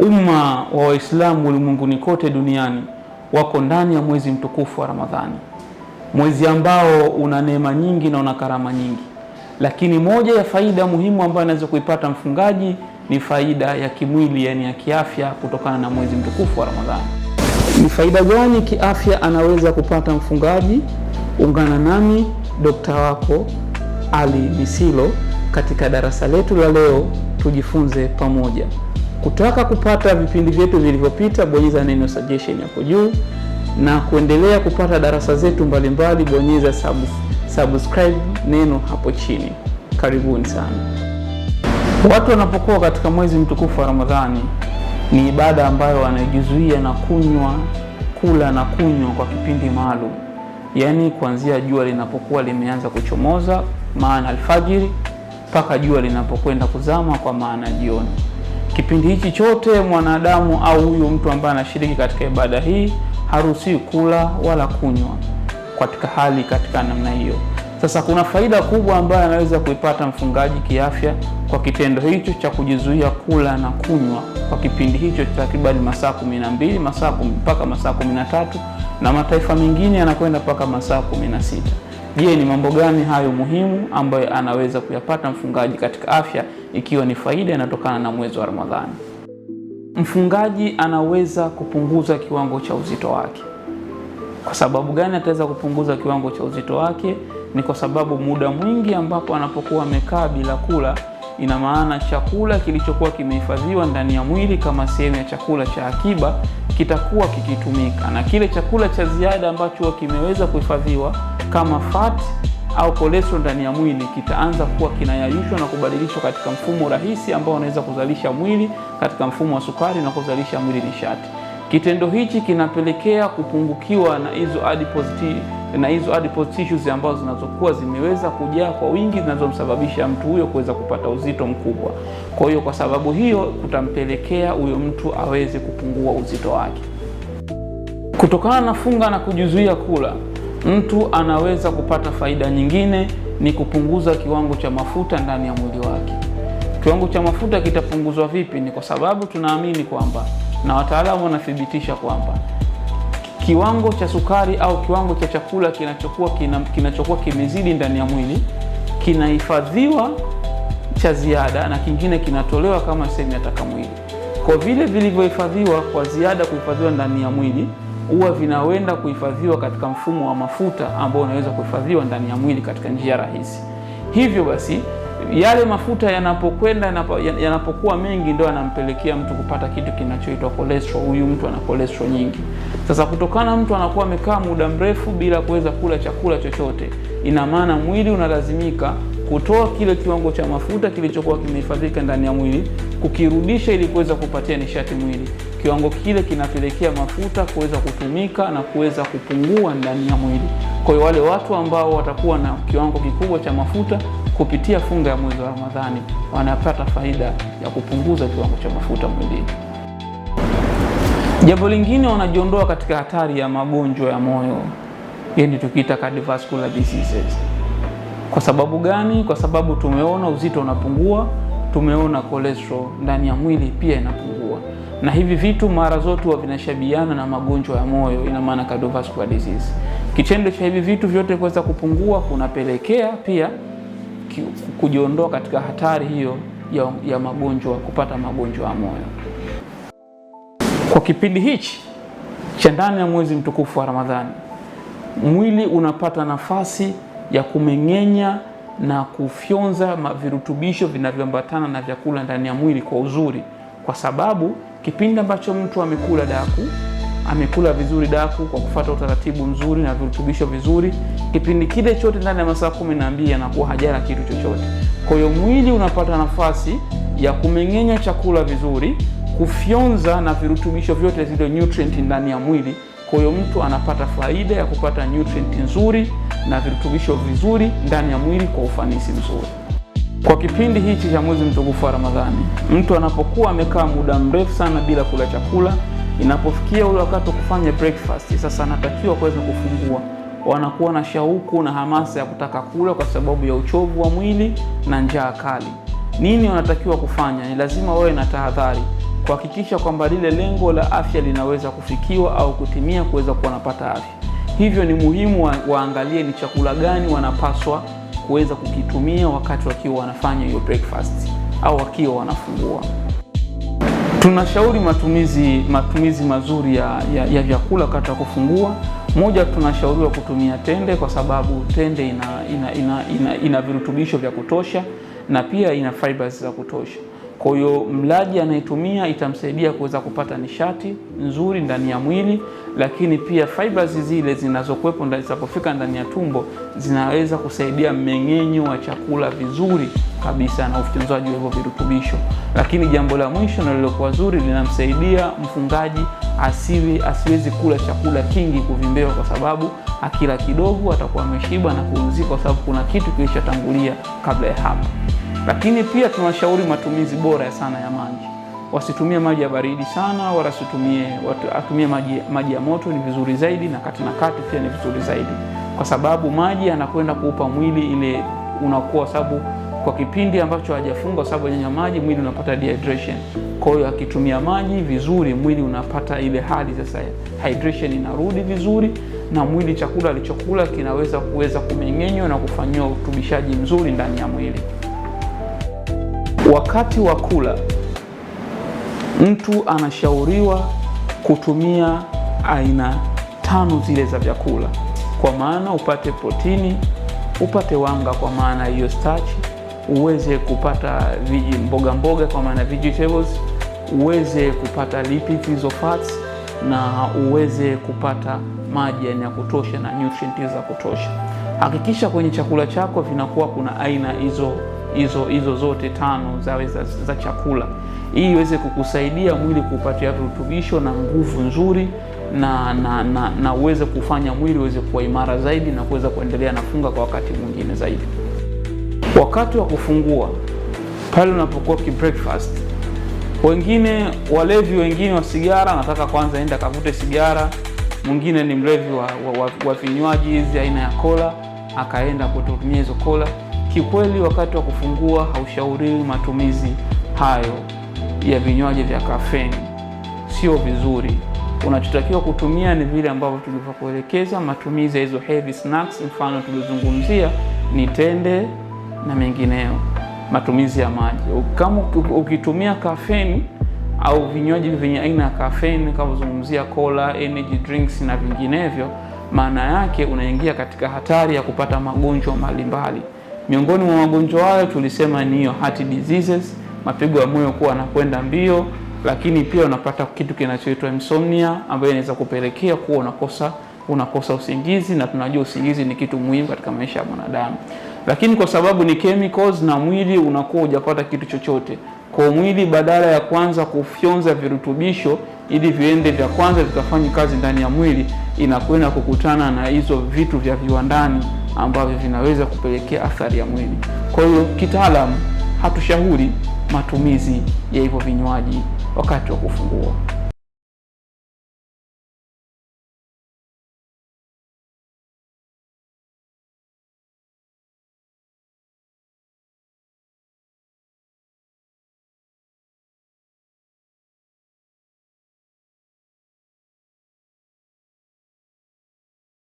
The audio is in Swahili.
umma wa Waislamu ulimwenguni kote duniani wako ndani ya mwezi mtukufu wa Ramadhani, mwezi ambao una neema nyingi na una karama nyingi. Lakini moja ya faida muhimu ambayo anaweza kuipata mfungaji ni faida ya kimwili, yani ya kiafya, kutokana na mwezi mtukufu wa Ramadhani. Ni faida gani kiafya anaweza kupata mfungaji? Ungana nami dokta wako Ali Misilo katika darasa letu la leo, tujifunze pamoja. Kutaka kupata vipindi vyetu vilivyopita, bonyeza neno suggestion hapo juu, na kuendelea kupata darasa zetu mbalimbali, bonyeza sub, subscribe neno hapo chini. Karibuni sana. Watu wanapokuwa katika mwezi mtukufu wa Ramadhani, ni ibada ambayo wanajizuia na kunywa, kula na kunywa kwa kipindi maalum, yaani kuanzia jua linapokuwa limeanza kuchomoza, maana alfajiri, mpaka jua linapokwenda kuzama, kwa maana jioni. Kipindi hichi chote mwanadamu au huyu mtu ambaye anashiriki katika ibada hii haruhusiwi kula wala kunywa katika hali katika namna hiyo. Sasa kuna faida kubwa ambayo anaweza kuipata mfungaji kiafya kwa kitendo hicho cha kujizuia kula na kunywa kwa kipindi hicho takriban masaa kumi na mbili masaa mpaka masaa kumi na tatu na mataifa mengine yanakwenda mpaka masaa kumi na sita. Je, ni mambo gani hayo muhimu ambayo anaweza kuyapata mfungaji katika afya ikiwa ni faida inatokana na mwezi wa Ramadhani. Mfungaji anaweza kupunguza kiwango cha uzito wake. Kwa sababu gani ataweza kupunguza kiwango cha uzito wake? Ni kwa sababu muda mwingi ambapo anapokuwa amekaa bila kula, ina maana chakula kilichokuwa kimehifadhiwa ndani ya mwili kama sehemu ya chakula cha akiba kitakuwa kikitumika, na kile chakula cha ziada ambacho kimeweza kuhifadhiwa kama fat au kolesterol ndani ya mwili kitaanza kuwa kinayayushwa na kubadilishwa katika mfumo rahisi ambao unaweza kuzalisha mwili katika mfumo wa sukari na kuzalisha mwili nishati. Kitendo hichi kinapelekea kupungukiwa na hizo adipose na hizo adipose tissues ambazo zinazokuwa zimeweza kujaa kwa wingi zinazomsababisha mtu huyo kuweza kupata uzito mkubwa. Kwa hiyo, kwa sababu hiyo kutampelekea huyo mtu aweze kupungua uzito wake. Kutokana na funga na kujizuia kula Mtu anaweza kupata faida nyingine ni kupunguza kiwango cha mafuta ndani ya mwili wake. Kiwango cha mafuta kitapunguzwa vipi? Ni kwa sababu tunaamini kwamba na wataalamu wanathibitisha kwamba kiwango cha sukari au kiwango cha chakula kinachokuwa kinachokuwa kimezidi ndani ya mwili kinahifadhiwa cha ziada na kingine kinatolewa kama sehemu ya taka mwili. Kwa vile vilivyohifadhiwa kwa ziada kuhifadhiwa ndani ya mwili huwa vinawenda kuhifadhiwa katika mfumo wa mafuta ambao unaweza kuhifadhiwa ndani ya mwili katika njia rahisi. Hivyo basi yale mafuta yanapokwenda yanapokuwa mengi, ndio yanampelekea mtu kupata kitu kinachoitwa cholesterol. Huyu mtu ana cholesterol nyingi. Sasa kutokana mtu anakuwa amekaa muda mrefu bila kuweza kula chakula chochote, ina maana mwili unalazimika kutoa kile kiwango cha mafuta kilichokuwa kimehifadhika ndani ya mwili, kukirudisha ili kuweza kupatia nishati mwili kiwango kile kinapelekea mafuta kuweza kutumika na kuweza kupungua ndani ya mwili. Kwa hiyo wale watu ambao watakuwa na kiwango kikubwa cha mafuta kupitia funga ya mwezi wa Ramadhani wanapata faida ya kupunguza kiwango cha mafuta mwilini. Jambo lingine, wanajiondoa katika hatari ya magonjwa ya moyo, yaani tukiita cardiovascular diseases. Kwa sababu gani? Kwa sababu tumeona uzito unapungua, tumeona cholesterol ndani ya mwili pia inapungua na hivi vitu mara zote huwa vinashabiana na magonjwa ya moyo, ina maana cardiovascular disease. Kitendo cha hivi vitu vyote kuweza kupungua kunapelekea pia kujiondoa katika hatari hiyo ya, ya magonjwa kupata magonjwa ya moyo. Kwa kipindi hichi cha ndani ya mwezi mtukufu wa Ramadhani, mwili unapata nafasi ya kumeng'enya na kufyonza virutubisho vinavyoambatana na vyakula ndani ya mwili kwa uzuri kwa sababu kipindi ambacho mtu amekula daku amekula vizuri daku kwa kufata utaratibu mzuri na virutubisho vizuri, kipindi kile chote ndani ya masaa kumi na mbili anakuwa hajala kitu chochote. Kwa hiyo mwili unapata nafasi ya kumeng'enya chakula vizuri, kufyonza na virutubisho vyote, zile nutrient ndani ya mwili. Kwa hiyo mtu anapata faida ya kupata nutrient nzuri na virutubisho vizuri ndani ya mwili kwa ufanisi mzuri. Kwa kipindi hichi cha mwezi mtukufu wa Ramadhani, mtu anapokuwa amekaa muda mrefu sana bila kula chakula, inapofikia ule wakati wa kufanya breakfast, sasa anatakiwa kuweza kufungua, wanakuwa na shauku na hamasa ya kutaka kula kwa sababu ya uchovu wa mwili na njaa kali. Nini wanatakiwa kufanya? Ni lazima wawe na tahadhari kuhakikisha kwamba lile lengo la afya linaweza kufikiwa au kutimia kuweza kuwa wanapata afya. Hivyo ni muhimu waangalie ni chakula gani wanapaswa kuweza kukitumia wakati wakiwa wanafanya hiyo breakfast au wakiwa wanafungua. Tunashauri matumizi, matumizi mazuri ya, ya, ya vyakula wakati wa kufungua. Moja, tunashauriwa kutumia tende kwa sababu tende ina, ina, ina, ina, ina virutubisho vya kutosha na pia ina fibers za kutosha. Kwa hiyo mlaji anaitumia itamsaidia kuweza kupata nishati nzuri ndani ya mwili, lakini pia fibers zile zinazokuwepo zinapofika ndani ya tumbo zinaweza kusaidia mmeng'enyo wa chakula vizuri kabisa na ufyonzaji wa hivyo virutubisho. Lakini jambo la mwisho na lilokuwa zuri, linamsaidia mfungaji asiwe asiwezi kula chakula kingi kuvimbewa, kwa sababu akila kidogo atakuwa ameshiba na kuuzika, kwa sababu kuna kitu kilichotangulia kabla ya hapo. Lakini pia tunashauri matumizi bora sana ya maji. Wasitumie maji ya baridi sana, wala situmie atumie maji, maji ya moto ni vizuri zaidi, na kati na kati pia ni vizuri zaidi, kwa sababu maji anakwenda kuupa mwili ile unakuwa, sababu kwa kipindi ambacho hajafunga, sababu nyanya maji, mwili unapata dehydration. Kwa hiyo akitumia maji vizuri, mwili unapata ile hali sasa, hydration inarudi vizuri, na mwili chakula alichokula kinaweza kuweza kumeng'enywa na kufanyiwa utubishaji mzuri ndani ya mwili. Wakati wa kula, mtu anashauriwa kutumia aina tano zile za vyakula, kwa maana upate protini, upate wanga kwa maana hiyo starch, uweze kupata viji mboga mboga kwa maana vegetables, uweze kupata lipids hizo fats, na uweze kupata maji ya kutosha na nutrients za kutosha. Hakikisha kwenye chakula chako vinakuwa kuna aina hizo hizo hizo zote tano zaweza za, za chakula ili iweze kukusaidia mwili kupatia virutubisho na nguvu nzuri na, na, na, na uweze kufanya mwili uweze kuwa imara zaidi na kuweza kuendelea na funga kwa wakati mwingine zaidi. Wakati wa kufungua pale unapokuwa ki breakfast, wengine walevi wengine wa sigara anataka kwanza enda akavute sigara, mwingine ni mlevi wa, wa, wa, wa vinywaji hizi aina ya kola akaenda kutumia hizo kola kikweli wakati wa kufungua haushauriwi matumizi hayo ya vinywaji vya kafeni, sio vizuri. Unachotakiwa kutumia ni vile ambavyo tulivyokuelekeza, matumizi ya hizo heavy snacks, mfano tulizungumzia ni tende na mengineo matumizi ya maji. Kama ukitumia kafeni au vinywaji vyenye aina ya kafeni kama zungumzia cola, energy drinks na vinginevyo, maana yake unaingia katika hatari ya kupata magonjwa mbalimbali. Miongoni mwa magonjwa hayo tulisema ni hiyo heart diseases, mapigo ya moyo kuwa anakwenda mbio, lakini pia unapata kitu kinachoitwa insomnia ambayo inaweza kupelekea kuwa unakosa unakosa usingizi, na tunajua usingizi ni kitu muhimu katika maisha ya mwanadamu, lakini kwa sababu ni chemicals na mwili unakuwa hujapata kitu chochote kwa mwili, badala ya kwanza kufyonza virutubisho ili viende vya kwanza vikafanye kazi ndani ya mwili, inakwenda kukutana na hizo vitu vya viwandani ambavyo vinaweza kupelekea athari ya mwili. Kwa hiyo kitaalamu, hatushauri matumizi ya hivyo vinywaji wakati wa kufungua.